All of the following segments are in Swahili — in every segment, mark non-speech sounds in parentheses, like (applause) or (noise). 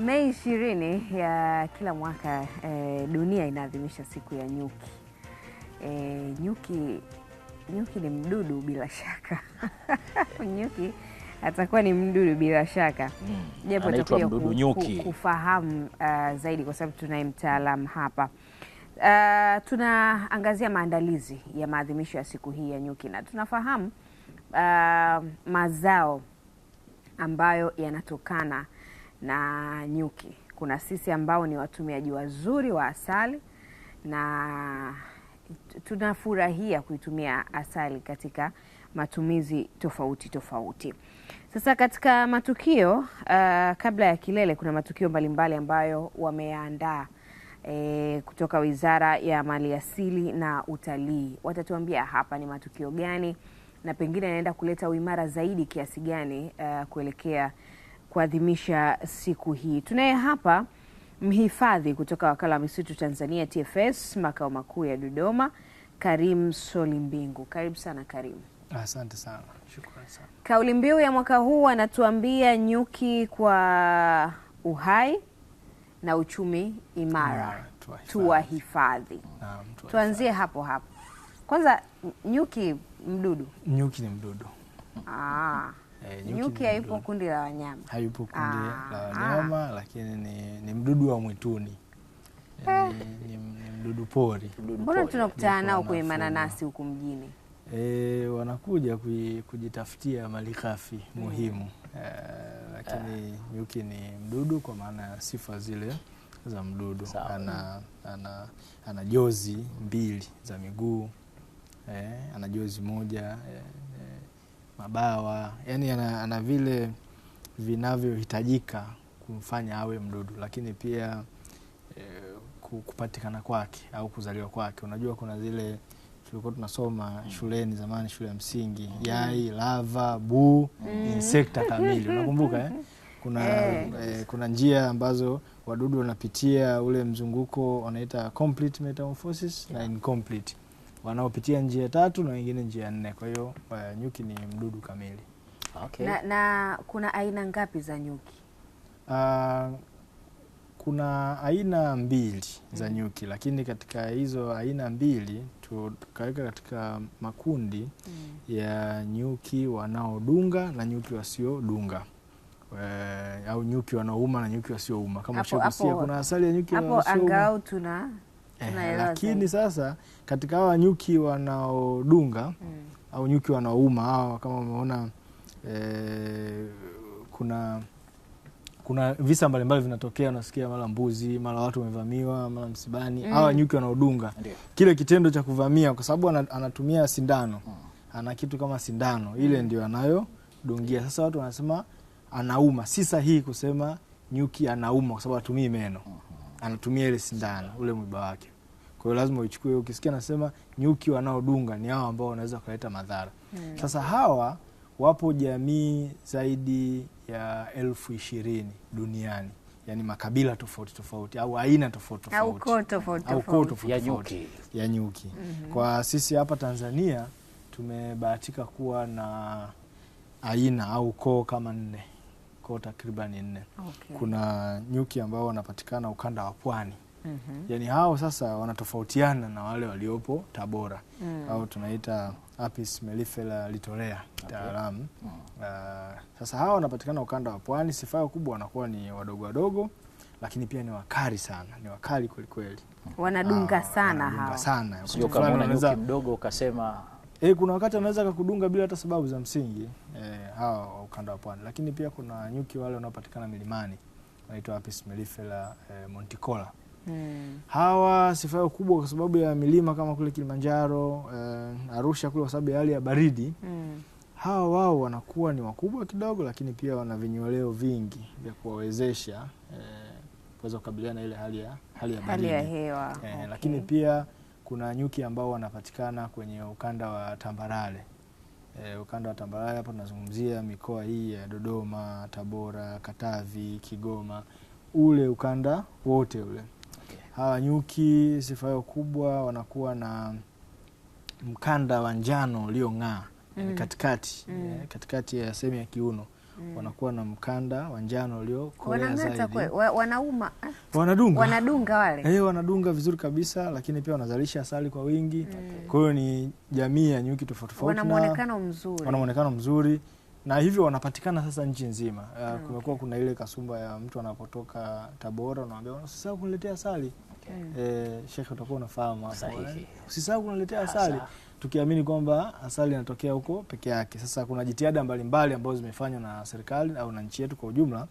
Mei ishirini ya kila mwaka e, dunia inaadhimisha siku ya nyuki. E, nyuki nyuki ni mdudu bila shaka (laughs) nyuki atakuwa ni mdudu bila shaka, hmm. japo atakuja kufahamu uh, zaidi kwa sababu tunaye mtaalamu hapa. Uh, tunaangazia maandalizi ya maadhimisho ya siku hii ya nyuki na tunafahamu uh, mazao ambayo yanatokana na nyuki. Kuna sisi ambao ni watumiaji wazuri wa asali na tunafurahia kuitumia asali katika matumizi tofauti tofauti. Sasa katika matukio uh, kabla ya kilele, kuna matukio mbalimbali ambayo wameandaa e, kutoka Wizara ya Maliasili na Utalii. Watatuambia hapa ni matukio gani na pengine yanaenda kuleta uimara zaidi kiasi gani uh, kuelekea kuadhimisha siku hii. Tunaye hapa mhifadhi kutoka wakala wa misitu Tanzania TFS makao makuu ya Dodoma, Karim Solimbingu. Karibu sana Karim. Asante sana, shukrani sana. Kauli mbiu ya mwaka huu anatuambia nyuki kwa uhai na uchumi imara tuwahifadhi. Tuanzie hapo hapo kwanza, nyuki mdudu? Nyuki ni mdudu. Ah. E, nyuki, nyuki hayupo kundi la wanyama, hayupo kundi ah, la ah. wanyama Lakini ni, ni mdudu wa mwituni eh, eh. Ni, ni mdudu pori. Mbona tunakutana nao kwenye mananasi huku mjini? E, wanakuja kujitafutia malighafi muhimu e, lakini aa. Nyuki ni mdudu kwa maana ya sifa zile za mdudu Sao. Ana, ana, ana jozi mbili za miguu e, ana jozi moja e, mabawa, yani ana, ana vile vinavyohitajika kumfanya awe mdudu, lakini pia eh, kupatikana kwake au kuzaliwa kwake. Unajua kuna zile tulikuwa tunasoma shuleni zamani, shule ya msingi, yai, lava, buu, mm. insekta kamili, (laughs) unakumbuka eh? Kuna, eh. eh, kuna njia ambazo wadudu wanapitia ule mzunguko wanaita complete metamorphosis yeah. na incomplete wanaopitia njia tatu na wengine njia nne. Kwa hiyo eh, nyuki ni mdudu kamili. Okay. Na, na kuna aina ngapi za nyuki? Uh, kuna aina mbili za mm-hmm. nyuki lakini katika hizo aina mbili tukaweka katika makundi mm. ya nyuki wanaodunga na nyuki wasiodunga. We, eh, au nyuki wanaouma na nyuki wasiouma kama hapo, hapo, kuna asali ya nyuki hapo, angalau tuna eh, lakini sasa katika hawa nyuki wanaodunga mm. au nyuki wanaouma hawa kama umeona eh, kuna kuna visa mbalimbali vinatokea, unasikia mara mbuzi, mara watu wamevamiwa, mara msibani mm. hawa nyuki wanaodunga kile kitendo cha kuvamia, kwa sababu anatumia sindano mm. ana kitu kama sindano mm. ile mm. ndio anayodungia. Sasa watu wanasema anauma, si sahihi kusema nyuki anauma kwa sababu atumii meno mm anatumia ile sindano, ule mwiba wake. Kwa hiyo lazima uichukue. Ukisikia nasema nyuki wanaodunga ni hao ambao wanaweza kuleta madhara hmm. Sasa hawa wapo jamii zaidi ya elfu ishirini duniani yani makabila tofauti tofauti au aina tofauti tofauti au koo tofauti ya nyuki. Mhm. Kwa sisi hapa Tanzania tumebahatika kuwa na aina au koo kama nne koo takriban nne. Okay. Kuna nyuki ambao wanapatikana ukanda wa pwani mm -hmm. Yaani hao sasa wanatofautiana na wale waliopo Tabora mm. au tunaita Apis mellifera litorea kitaalamu. Okay. Mm. Uh, sasa hao wanapatikana ukanda wa pwani, sifa kubwa wanakuwa ni wadogo wadogo lakini pia ni wakali sana, ni wakali kwelikweli, wanadunga ah, sana hao, wanadunga sana, sio kama unaweza mdogo ukasema E, kuna wakati anaweza kakudunga bila hata sababu za msingi e, hawa wa ukanda wa pwani, lakini pia kuna nyuki wale wanaopatikana milimani wanaitwa Apis mellifera e, monticola Hmm. Hawa sifa yao kubwa kwa sababu ya milima kama kule Kilimanjaro e, Arusha kule, kwa sababu ya hali ya baridi hmm. Hawa wao wanakuwa ni wakubwa kidogo, lakini pia wana vinyoleo vingi vya kuwawezesha eh, kuweza kukabiliana na ile hali ya, hali ya baridi hali ya hewa e, okay. Lakini pia kuna nyuki ambao wanapatikana kwenye ukanda wa tambarare. E, ukanda wa tambarare hapo tunazungumzia mikoa hii ya Dodoma, Tabora, Katavi, Kigoma, ule ukanda wote ule. Okay. Hawa nyuki sifa yao kubwa wanakuwa na mkanda wa njano uliong'aa, mm. katikati mm. E, katikati ya sehemu ya kiuno mm. wanakuwa na mkanda wa njano uliokolea zaidi, wanauma wanadunga, wanadunga wale eh, wanadunga vizuri kabisa, lakini pia wanazalisha asali kwa wingi mm. kwa hiyo ni jamii ya nyuki tofauti tofauti, wana muonekano mzuri, wana muonekano mzuri na hivyo wanapatikana sasa nchi nzima. Okay. Eh, mm. Kumekuwa kuna ile kasumba ya mtu anapotoka Tabora, unaambia usisahau kuniletea asali. Okay. Eh, Sheikh utakuwa unafahamu hapo, usisahau kuniletea asali tukiamini kwamba asali inatokea huko peke yake. Sasa kuna jitihada mbalimbali ambazo zimefanywa na serikali au na nchi yetu kwa ujumla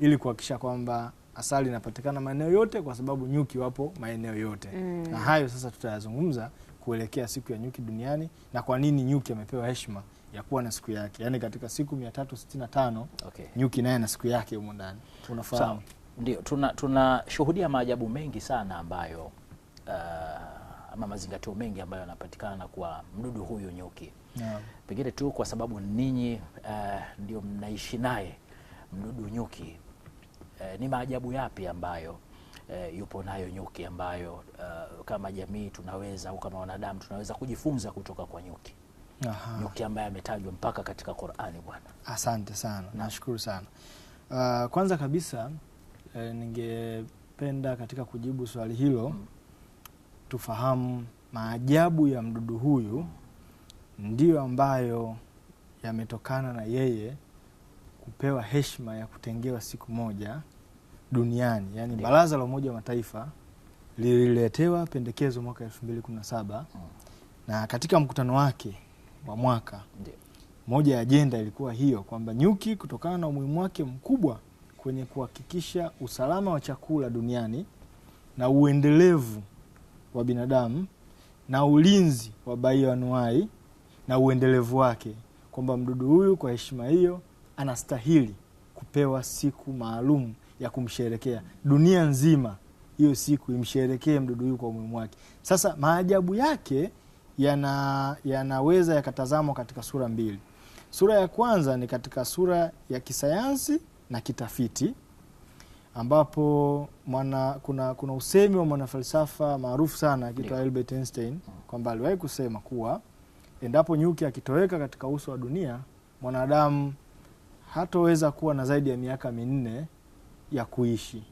ili kuhakikisha kwamba asali inapatikana maeneo yote, kwa sababu nyuki wapo maeneo yote mm. na hayo sasa tutayazungumza kuelekea siku ya nyuki duniani na kwa nini nyuki amepewa heshima ya kuwa na siku yake, yaani katika siku 365 okay. nyuki naye na siku yake humo ndani, unafahamu ndio tunashuhudia tuna maajabu mengi sana ambayo uh, ama mazingatio mengi ambayo yanapatikana kwa mdudu huyu nyuki yeah. Pengine tu kwa sababu ninyi uh, ndio mnaishi naye mdudu nyuki uh, ni maajabu yapi ambayo uh, yupo nayo nyuki ambayo uh, kama jamii tunaweza au kama wanadamu tunaweza kujifunza kutoka kwa nyuki? Aha. Nyuki ambaye ametajwa mpaka katika Qur'ani bwana. Asante sana, nashukuru sana. Uh, kwanza kabisa uh, ningependa katika kujibu swali hilo mm tufahamu maajabu ya mdudu huyu ndiyo ambayo yametokana na yeye kupewa heshima ya kutengewa siku moja duniani. Yaani Baraza la Umoja wa Mataifa lililetewa pendekezo mwaka 2017 hmm. na katika mkutano wake wa mwaka Ndiyo. moja ya ajenda ilikuwa hiyo kwamba nyuki kutokana na umuhimu wake mkubwa kwenye kuhakikisha usalama wa chakula duniani na uendelevu wa binadamu na ulinzi wa bioanuai na uendelevu wake, kwamba mdudu huyu kwa heshima hiyo anastahili kupewa siku maalum ya kumsherekea. Dunia nzima hiyo siku imsherekee mdudu huyu kwa umuhimu wake. Sasa maajabu yake yana yanaweza yakatazamwa katika sura mbili. Sura ya kwanza ni katika sura ya kisayansi na kitafiti ambapo mwana, kuna, kuna usemi wa mwanafalsafa maarufu sana akiitwa Albert Einstein kwamba aliwahi kusema kuwa endapo nyuki akitoweka katika uso wa dunia, mwanadamu hatoweza kuwa na zaidi ya miaka minne ya kuishi,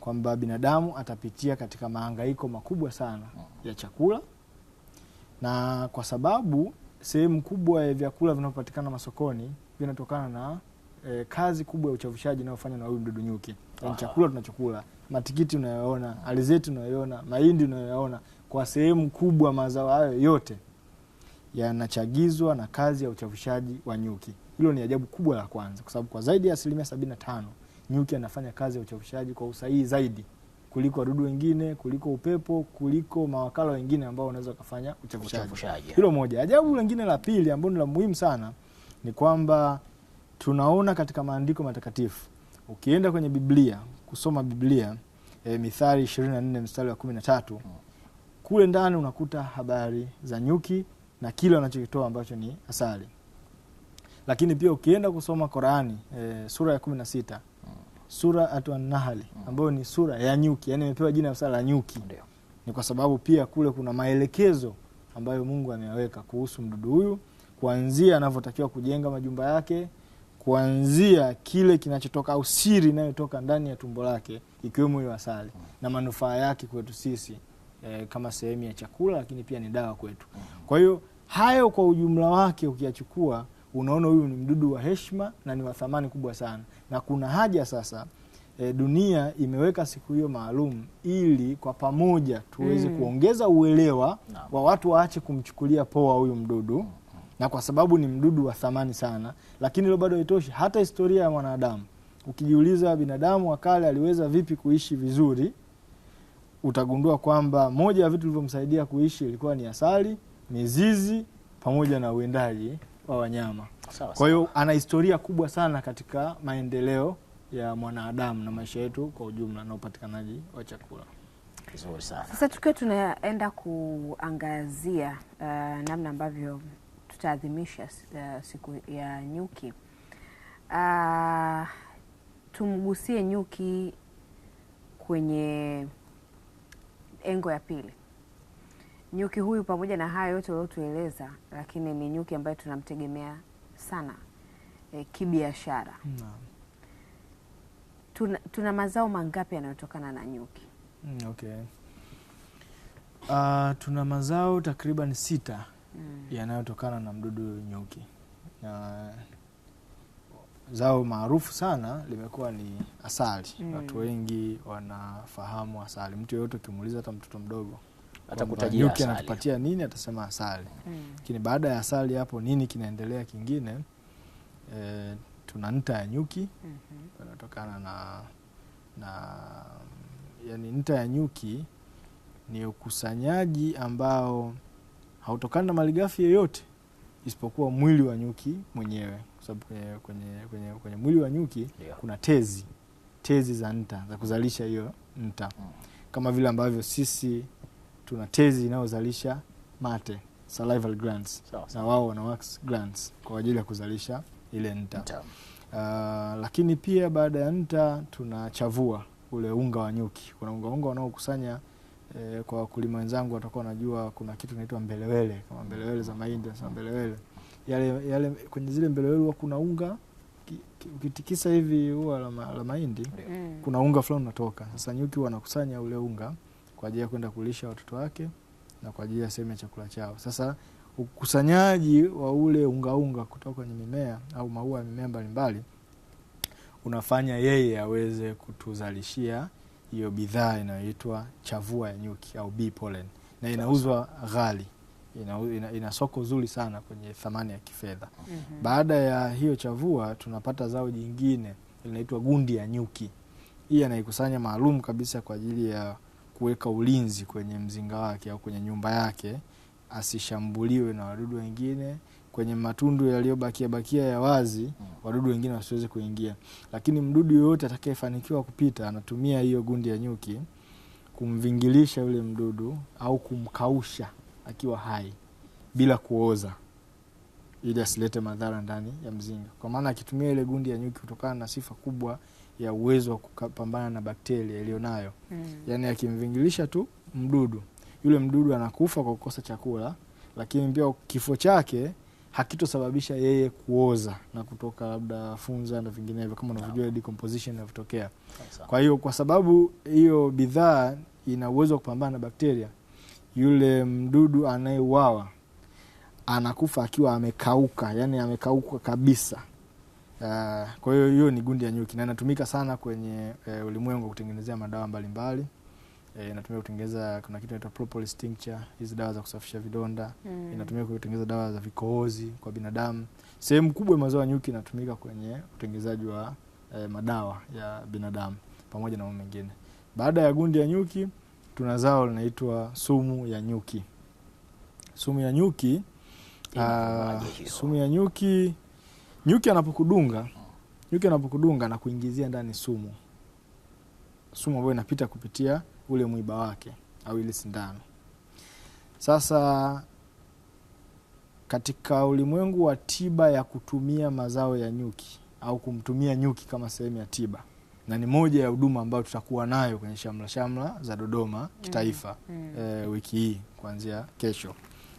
kwamba binadamu atapitia katika mahangaiko makubwa sana ya chakula, na kwa sababu sehemu kubwa ya vyakula vinavyopatikana masokoni vinatokana na eh, kazi kubwa ya uchavushaji inayofanywa na huyu mdudu nyuki, yani chakula tunachokula, matikiti unayoona, alizeti unayoona, mahindi unayoyaona kwa sehemu kubwa mazao hayo yote yanachagizwa na kazi ya uchavushaji wa nyuki. Hilo ni ajabu kubwa la kwanza, kwa sababu kwa zaidi ya asilimia sabini na tano nyuki anafanya kazi ya uchavushaji kwa usahihi zaidi kuliko wadudu wengine, kuliko upepo, kuliko mawakala wengine ambao wanaweza wakafanya uchavushaji. Hilo moja. Ajabu lingine la pili ambao ni la muhimu sana ni kwamba tunaona katika maandiko matakatifu, ukienda kwenye Biblia kusoma Biblia e, na nne mstari wa kumi na tatu kule ndani unakuta habari za nyuki na kile wanachokitoa ambacho ni asali. Lakini pia ukienda kusoma korani e, sura ya sita sura atuanahali ambayo ni sura ya nyuki, yani imepewa jina sala la nyuki. Ni kwa sababu pia kule kuna maelekezo ambayo Mungu ameyaweka kuhusu mdudu huyu, kuanzia anavyotakiwa kujenga majumba yake kuanzia kile kinachotoka au siri inayotoka ndani ya tumbo lake ikiwemo hiyo asali na manufaa yake kwetu sisi e, kama sehemu ya chakula, lakini pia ni dawa kwetu. Kwa hiyo hayo kwa ujumla wake ukiyachukua, unaona huyu ni mdudu wa heshma na ni wa thamani kubwa sana, na kuna haja sasa e, dunia imeweka siku hiyo maalum ili kwa pamoja tuweze mm. kuongeza uelewa wa watu waache kumchukulia poa huyu mdudu mm na kwa sababu ni mdudu wa thamani sana, lakini hilo bado haitoshi. Hata historia ya mwanadamu, ukijiuliza binadamu wa kale aliweza vipi kuishi vizuri, utagundua kwamba moja ya vitu vilivyomsaidia kuishi ilikuwa ni asali, mizizi pamoja na uwindaji wa wanyama. Kwa hiyo ana historia kubwa sana katika maendeleo ya mwanadamu na maisha yetu kwa ujumla na upatikanaji wa chakula. Sasa tukiwa tunaenda kuangazia uh, namna ambavyo tutaadhimisha uh, eh, siku ya nyuki uh, tumgusie nyuki kwenye engo ya pili. Nyuki huyu pamoja na haya yote uliotueleza, lakini ni nyuki ambaye tunamtegemea sana eh, kibiashara. Tuna, tuna mazao mangapi yanayotokana na nyuki? Mm, okay. Uh, tuna mazao takriban sita mm. yanayotokana na mdudu nyuki na zao maarufu sana limekuwa ni asali mm. Watu wengi wanafahamu asali. Mtu yoyote ukimuuliza, hata mtoto mdogo, nyuki anatupatia nini, atasema asali. Mm. Lakini mm. baada ya asali hapo nini kinaendelea kingine? E, tuna nta ya nyuki mm -hmm. anatokana na, na yani nta ya nyuki ni ukusanyaji ambao hautokani na malighafi yoyote isipokuwa mwili wa nyuki mwenyewe, kwa sababu kwenye, kwenye, kwenye, kwenye mwili wa nyuki yeah. kuna tezi tezi za nta za kuzalisha hiyo nta mm. kama vile ambavyo sisi tuna tezi inayozalisha mate salival glands so, na wao wana wax glands kwa ajili ya kuzalisha ile nta, nta. Uh, lakini pia baada ya nta tunachavua ule unga wa nyuki. Kuna unga wanaokusanya e, kwa wakulima wenzangu watakuwa wanajua kuna kitu kinaitwa mbelewele kama mbelewele za mahindi na mbelewele yale, yale kwenye zile mbelewele huwa kuna unga ukitikisa hivi huwa la mahindi mm. kuna unga fulani unatoka. Sasa nyuki wanakusanya anakusanya ule unga kwa ajili ya kwenda kulisha watoto wake na kwa ajili ya sehemu ya chakula chao. Sasa ukusanyaji wa ule ungaunga unga kutoka kwenye mimea au maua ya mimea mbalimbali unafanya yeye aweze kutuzalishia hiyo bidhaa inayoitwa chavua ya nyuki au bee pollen, na inauzwa ghali, ina, ina, ina soko zuri sana kwenye thamani ya kifedha mm -hmm. Baada ya hiyo chavua tunapata zao jingine linaitwa gundi ya nyuki. Hii anaikusanya maalum kabisa kwa ajili ya kuweka ulinzi kwenye mzinga wake au kwenye nyumba yake asishambuliwe na wadudu wengine kwenye matundu yaliyobakia bakia ya wazi hmm. wadudu wengine wasiweze kuingia, lakini mdudu yoyote atakayefanikiwa kupita anatumia hiyo gundi ya nyuki kumvingilisha yule mdudu au kumkausha akiwa hai bila kuoza ili asilete madhara ndani ya mzinga, kwa maana akitumia ile gundi ya nyuki kutokana na sifa kubwa ya uwezo wa kupambana na bakteria iliyonayo mm. Yani akimvingilisha tu mdudu yule mdudu anakufa kwa kukosa chakula, lakini pia kifo chake hakitosababisha yeye kuoza na kutoka labda funza na vinginevyo, kama unavyojua no. decomposition inavyotokea. Kwa hiyo kwa sababu hiyo bidhaa ina uwezo wa kupambana na bakteria, yule mdudu anayeuawa anakufa akiwa amekauka, yani amekauka kabisa. Uh, kwa hiyo hiyo ni gundi ya nyuki na inatumika sana kwenye uh, ulimwengu wa kutengenezea madawa mbalimbali mbali. E, inatumia kutengeneza kuna kitu inaitwa propolis tincture, hizi dawa za kusafisha vidonda mm. Inatumia kutengeneza dawa za vikohozi kwa binadamu. Sehemu kubwa ya maziwa ya nyuki inatumika kwenye utengenezaji wa e, madawa ya binadamu pamoja na mambo mengine. Baada ya gundi ya nyuki tuna zao linaitwa sumu ya nyuki. Sumu ya nyuki a, ah, sumu ya nyuki, nyuki anapokudunga, nyuki anapokudunga na kuingizia ndani sumu, sumu ambayo inapita kupitia ule mwiba wake au ile sindano. Sasa katika ulimwengu wa tiba ya kutumia mazao ya nyuki au kumtumia nyuki kama sehemu ya tiba, na ni moja ya huduma ambayo tutakuwa nayo kwenye shamla shamla za Dodoma mm-hmm. kitaifa mm. Mm. E, wiki hii kuanzia kesho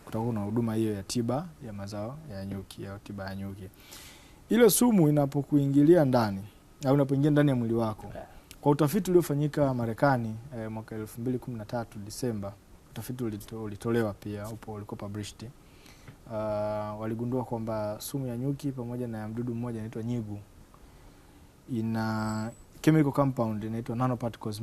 kutakuwa na huduma hiyo ya tiba ya mazao ya nyuki au tiba ya nyuki. Ile sumu inapokuingilia ndani au inapoingia ndani ya mwili wako kwa utafiti uliofanyika Marekani eh, mwaka tatu Disemba, utafiti ulito, ulitolewa pia upo ulikuwa published. Uh, waligundua kwamba sumu ya nyuki pamoja na mdudu mmoja inaitwa nyigu ina chemical compound inaitwa nanoparticles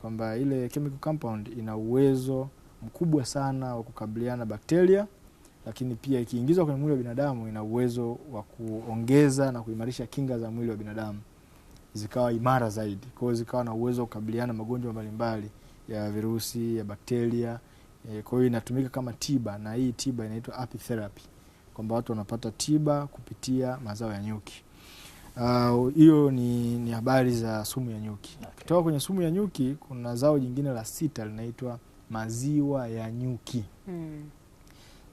kwamba ile chemical compound ina uwezo mkubwa sana wa kukabiliana bakteria, lakini pia ikiingizwa kwenye mwili wa binadamu ina uwezo wa kuongeza na kuimarisha kinga za mwili wa binadamu zikawa imara zaidi, kwao, zikawa na uwezo wa kukabiliana magonjwa mbalimbali ya virusi, ya bakteria. E, kwa hiyo inatumika kama tiba, na hii tiba inaitwa apitherapy kwamba watu wanapata tiba kupitia mazao ya nyuki. Ah, hiyo uh, ni, ni habari za sumu ya nyuki. Kutoka okay. kwenye sumu ya nyuki kuna zao jingine la sita linaitwa maziwa ya nyuki hmm.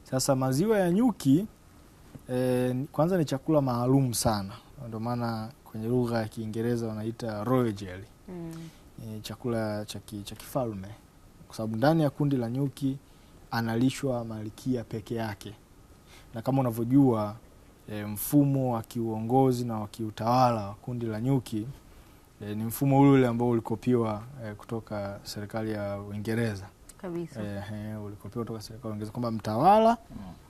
Sasa maziwa ya nyuki eh, kwanza ni chakula maalum sana, ndio maana kwenye lugha ya Kiingereza wanaita royal jelly mm. E, chakula cha kifalme kwa sababu ndani ya kundi la nyuki analishwa malikia peke yake, na kama unavyojua e, mfumo wa kiuongozi na wa kiutawala wa kundi la nyuki e, ni mfumo ule ule ambao ulikopiwa e, kutoka serikali ya Uingereza kabisa. ulikopiwa serikali Uingereza kwamba mtawala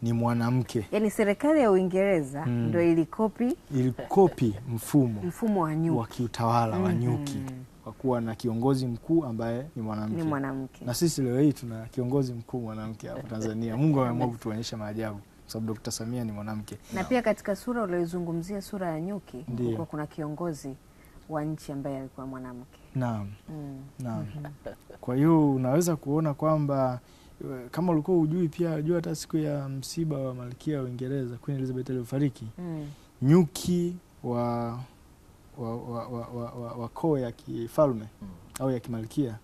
ni mwanamke. Yani serikali ya Uingereza mm. ndo ilikopi ilikopi mfumo mfumo wa nyuki wa kiutawala wa mhm. nyuki kwa kuwa na kiongozi mkuu ambaye ni mwanamke. Ni mwanamke. Na sisi leo hii tuna kiongozi mkuu mwanamke hapa Tanzania. Mungu ameamua (laughs) kutuonyesha maajabu kwa sababu Dkt. Samia ni mwanamke. Na pia katika sura uliyozungumzia sura ya nyuki, kwa kuna kiongozi wa nchi ambaye alikuwa mwanamke. Naam. Mm. Naam. Mm-hmm. Kwa hiyo unaweza kuona kwamba eh, kama ulikuwa hujui pia ajua hata siku ya msiba wa Malkia wa Uingereza Queen Elizabeth aliyofariki mm. nyuki wa wa, wa, wa, wa, wa, wa koo ya kifalme mm. au ya kimalkia,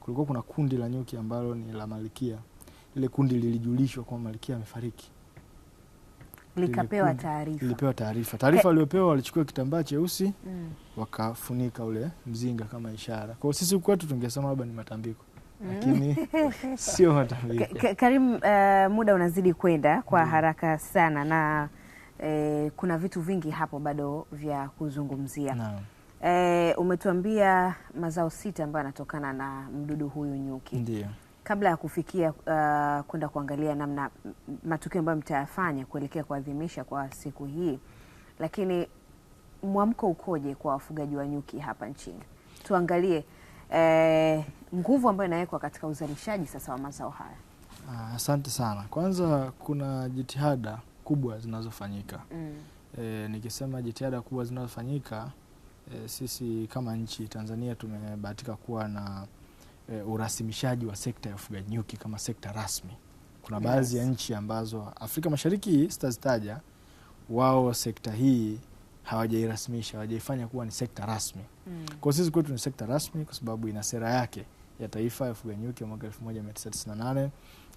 kulikuwa kuna kundi la nyuki ambalo ni la malkia. Lile kundi lilijulishwa kwamba malkia amefariki likapewa taarifa, lilipewa taarifa. Taarifa eh. waliopewa walichukua kitambaa cheusi mm. wakafunika ule mzinga kama ishara. kwao sisi kwetu tungesema labda ni matambiko mm. lakini (laughs) sio matambiko. Karim, uh, muda unazidi kwenda kwa mm. haraka sana na eh, kuna vitu vingi hapo bado vya kuzungumzia Eh, umetuambia mazao sita ambayo yanatokana na mdudu huyu nyuki. Ndiyo kabla ya kufikia uh, kwenda kuangalia namna matukio ambayo mtayafanya kuelekea kuadhimisha kwa siku hii, lakini mwamko ukoje kwa wafugaji wa nyuki hapa nchini? Tuangalie eh, nguvu ambayo inawekwa katika uzalishaji sasa wa mazao haya. Ah, asante uh, sana. Kwanza kuna jitihada kubwa zinazofanyika mm. E, nikisema jitihada kubwa zinazofanyika e, sisi kama nchi Tanzania tumebahatika kuwa na eh, urasimishaji wa sekta ya ufugaji nyuki kama sekta rasmi. Kuna baadhi yes, ya nchi ambazo Afrika Mashariki sitazitaja, wao sekta hii hawajairasimisha, hawajaifanya kuwa ni sekta rasmi mm. Kwa sisi kwetu ni sekta rasmi kwa sababu ina sera yake ya taifa ya ufugaji nyuki ya mwaka 1998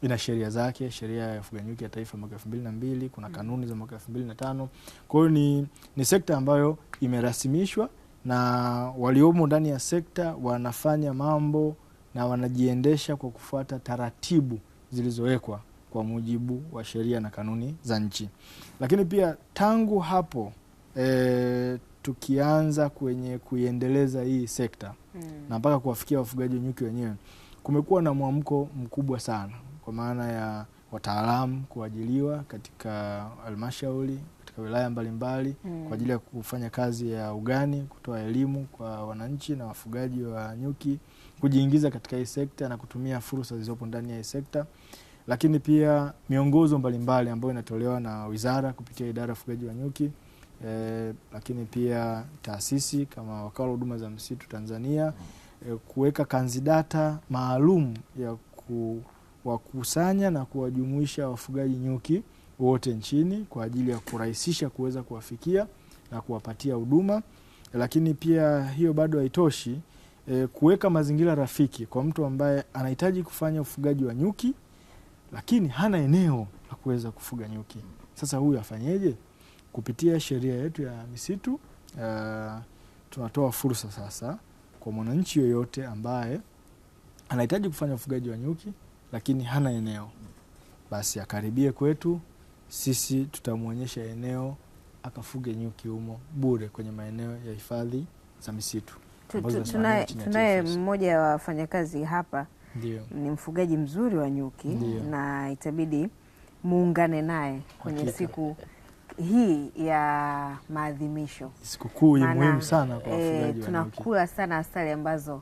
ina sheria zake, sheria ya ufugaji nyuki ya taifa mwaka 2002, kuna mm. kanuni za mwaka 2005. Kwa hiyo ni, ni sekta ambayo imerasimishwa na waliomo ndani ya sekta wanafanya mambo na wanajiendesha kwa kufuata taratibu zilizowekwa kwa mujibu wa sheria na kanuni za nchi. Lakini pia tangu hapo e, tukianza kwenye kuiendeleza hii sekta mm. na mpaka kuwafikia wafugaji nyuki wenyewe, kumekuwa na mwamko mkubwa sana, kwa maana ya wataalamu kuajiliwa katika halmashauri, katika wilaya mbalimbali mm. kwa ajili ya kufanya kazi ya ugani, kutoa elimu kwa wananchi na wafugaji wa nyuki kujiingiza katika hii sekta na kutumia fursa zilizopo ndani ya hii sekta, lakini pia miongozo mbalimbali ambayo inatolewa na wizara kupitia idara ya ufugaji wa nyuki e, lakini pia taasisi kama wakala wa huduma za msitu Tanzania e, kuweka kanzidata maalum ya kuwakusanya na kuwajumuisha wafugaji nyuki wote nchini kwa ajili ya kurahisisha kuweza kuwafikia na kuwapatia huduma, lakini pia hiyo bado haitoshi e, kuweka mazingira rafiki kwa mtu ambaye anahitaji kufanya ufugaji wa nyuki lakini hana eneo la kuweza kufuga nyuki. Sasa huyu afanyeje? Kupitia sheria yetu ya misitu e, tunatoa fursa sasa kwa mwananchi yoyote ambaye anahitaji kufanya ufugaji wa nyuki lakini hana eneo, basi akaribie kwetu sisi, tutamwonyesha eneo akafuge nyuki humo bure kwenye maeneo ya hifadhi za misitu tunaye mmoja wa wafanyakazi hapa Ndiyo. ni mfugaji mzuri wa nyuki Ndiyo. na itabidi muungane naye kwenye Hakika. siku hii ya maadhimisho, sikukuu muhimu sana kwa eh, wafugaji e, tunakula sana asali ambazo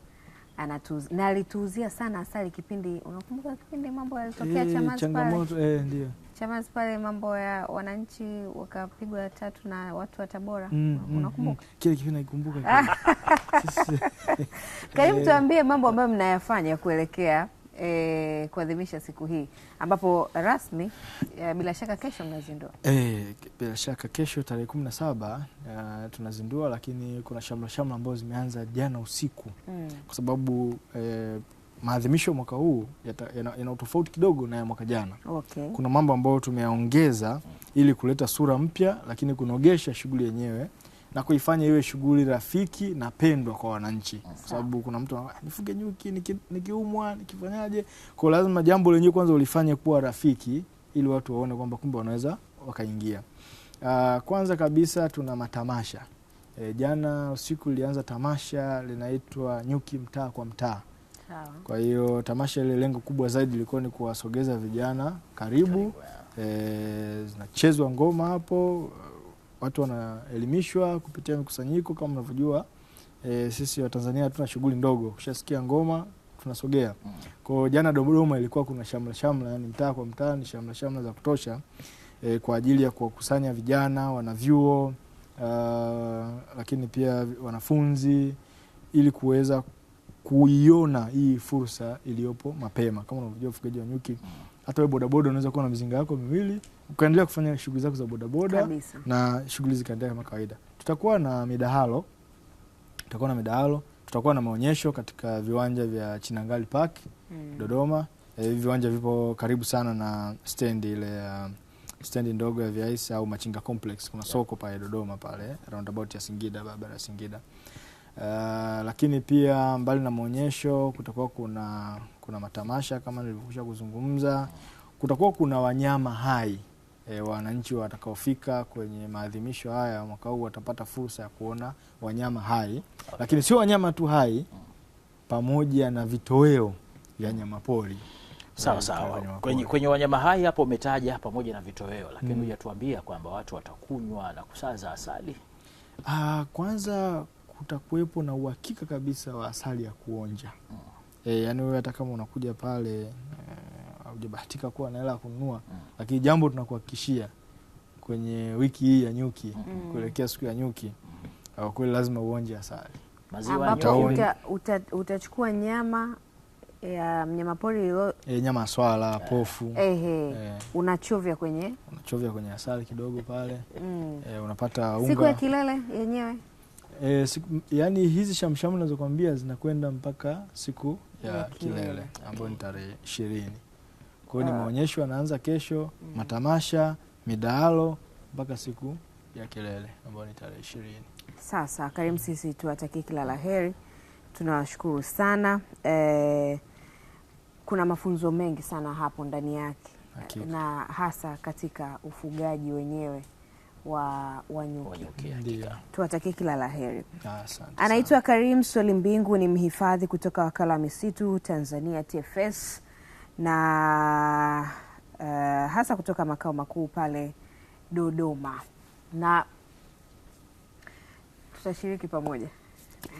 anatuz na alituuzia sana asali kipindi, unakumbuka kipindi mambo yalitokea e, eh, chama changamoto pale eh, ndio chama pale mambo ya wananchi wakapigwa tatu na watu wa Tabora mm, mm, mm. unakumbuka mm, kile kipindi kile. (laughs) Karibu eh. tuambie mambo ambayo mnayafanya kuelekea e, kuadhimisha siku hii ambapo rasmi e, bila shaka kesho mnazindua e, bila shaka kesho tarehe kumi na saba tunazindua, lakini kuna shamra shamla ambazo zimeanza jana usiku mm. kwa sababu e, maadhimisho mwaka huu yana utofauti kidogo na ya mwaka jana. Okay. Kuna mambo ambayo tumeyaongeza ili kuleta sura mpya, lakini kunogesha shughuli yenyewe na kuifanya iwe shughuli rafiki na pendwa kwa wananchi, kwa sababu kuna mtu anakuwa ah, nifuge nyuki, nikiumwa, niki nikifanyaje? Kwa lazima jambo lenyewe kwanza ulifanye kuwa rafiki, ili watu waone kwamba kumbe wanaweza wakaingia. Uh, kwanza kabisa tuna matamasha e, jana usiku lilianza tamasha linaitwa Nyuki Mtaa kwa Mtaa. Kwa hiyo tamasha ile lengo kubwa zaidi ilikuwa ni kuwasogeza vijana karibu, karibu. E, zinachezwa ngoma hapo watu wanaelimishwa kupitia mikusanyiko kama unavyojua. E, sisi Watanzania hatuna shughuli ndogo, kushasikia ngoma tunasogea. Kwa hiyo jana Dodoma ilikuwa kuna shamla shamla, yani mtaa kwa mtaa ni shamla shamla za kutosha e, kwa ajili ya kuwakusanya vijana wanavyuo uh, lakini pia wanafunzi ili kuweza kuiona hii fursa iliyopo mapema. Kama unavyojua ufugaji wa nyuki hata wewe bodaboda unaweza kuwa na mizinga yako miwili ukaendelea kufanya shughuli zako za bodaboda na shughuli zikaendelea kama kawaida. Tutakuwa na midahalo, tutakuwa na midahalo, tutakuwa na maonyesho katika viwanja vya Chinangali Park mm. Dodoma. Eh, hivi e, viwanja vipo karibu sana na stendi ile uh, stendi ndogo ya Viais au Machinga Complex. Kuna soko pale Dodoma pale roundabout ya Singida, barabara ya Singida. Uh, lakini pia mbali na maonyesho kutakuwa kuna kuna matamasha kama nilivyokwisha kuzungumza, kutakuwa kuna wanyama hai e, wananchi watakaofika kwenye maadhimisho haya mwaka huu watapata fursa ya kuona wanyama hai, lakini sio wanyama tu hai, pamoja na vitoweo vya nyamapori. Sawa e, sawa. Kwenye, kwenye wanyama hai hapo umetaja pamoja na vitoweo, lakini mm, hujatuambia kwamba watu watakunywa na kusaza asali. Aa, ah, kwanza kutakuwepo na uhakika kabisa wa asali ya kuonja. Mm. E, yani wewe hata kama unakuja pale e, kuwa na hela ya kununua mm. Lakini jambo tunakuhakikishia kwenye wiki hii ya nyuki mm. Kuelekea siku ya nyuki mm. Kweli lazima uonje asali uta, uta, utachukua nyama ya mnyama pori e, eh, nyama swala pofu e, unachovya kwenye unachovya kwenye asali kidogo pale mm. E, unapata unga. Siku ya kilele yenyewe e, yani hizi shamshamu nazokwambia zinakwenda mpaka siku ya kilele ambayo ni tarehe ishirini. kwao ni ah. maonyesho yanaanza kesho, mm. matamasha, midaalo mpaka siku ya kilele ambayo ni tarehe ishirini. Sasa Karim, sisi tuwatakie kila la heri, tunawashukuru sana e, kuna mafunzo mengi sana hapo ndani yake na hasa katika ufugaji wenyewe wa, wa nyuki. Tuwatakie kila la heri. Anaitwa Karim Swali Mbingu, ni mhifadhi kutoka wakala wa misitu Tanzania TFS na uh, hasa kutoka makao makuu pale Dodoma, na tutashiriki pamoja.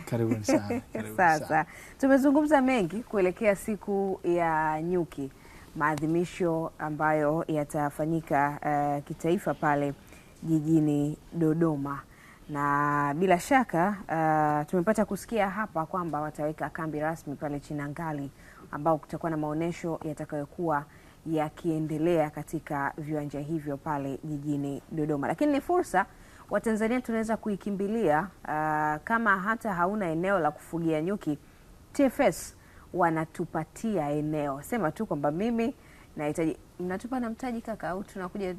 Karibuni sana. (laughs) Karibuni sasa sana. Tumezungumza mengi kuelekea siku ya nyuki, maadhimisho ambayo yatafanyika uh, kitaifa pale jijini Dodoma na bila shaka uh, tumepata kusikia hapa kwamba wataweka kambi rasmi pale Chinangali ambao kutakuwa na maonyesho yatakayokuwa yakiendelea katika viwanja hivyo pale jijini Dodoma. Lakini ni fursa Watanzania tunaweza kuikimbilia. Uh, kama hata hauna eneo la kufugia nyuki, TFS wanatupatia eneo. Sema tu kwamba mimi nahitaji, mnatupa na mtaji kaka, au tunakuja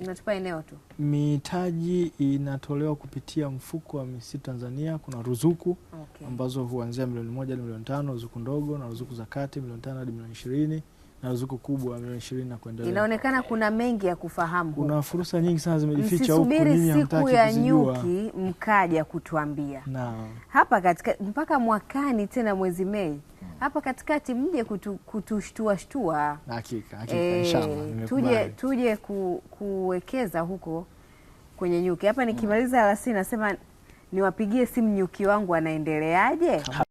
mnatupa eneo tu? Mitaji inatolewa kupitia mfuko wa misitu Tanzania. Kuna ruzuku okay, ambazo huanzia milioni moja hadi milioni tano, ruzuku ndogo na ruzuku za kati milioni tano hadi milioni ishirini na ruzuku kubwa milioni ishirini na kuendelea. Inaonekana kuna mengi ya kufahamu, kuna fursa nyingi sana zimejificha huko. Msisubiri siku ya nyuki mkaja kutuambia. na. hapa katika mpaka mwakani tena mwezi Mei hapa katikati mje kutu, shtua. Hakika, hakika, e, tuje, tuje ku, kuwekeza huko kwenye nyuki hapa. Nikimaliza alasiri nasema niwapigie simu nyuki wangu anaendeleaje?